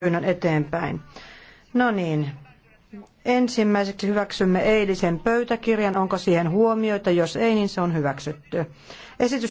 pyynnön eteenpäin. No niin. Ensimmäiseksi hyväksymme eilisen pöytäkirjan. Onko siihen huomioita? Jos ei, niin se on hyväksytty. Esitys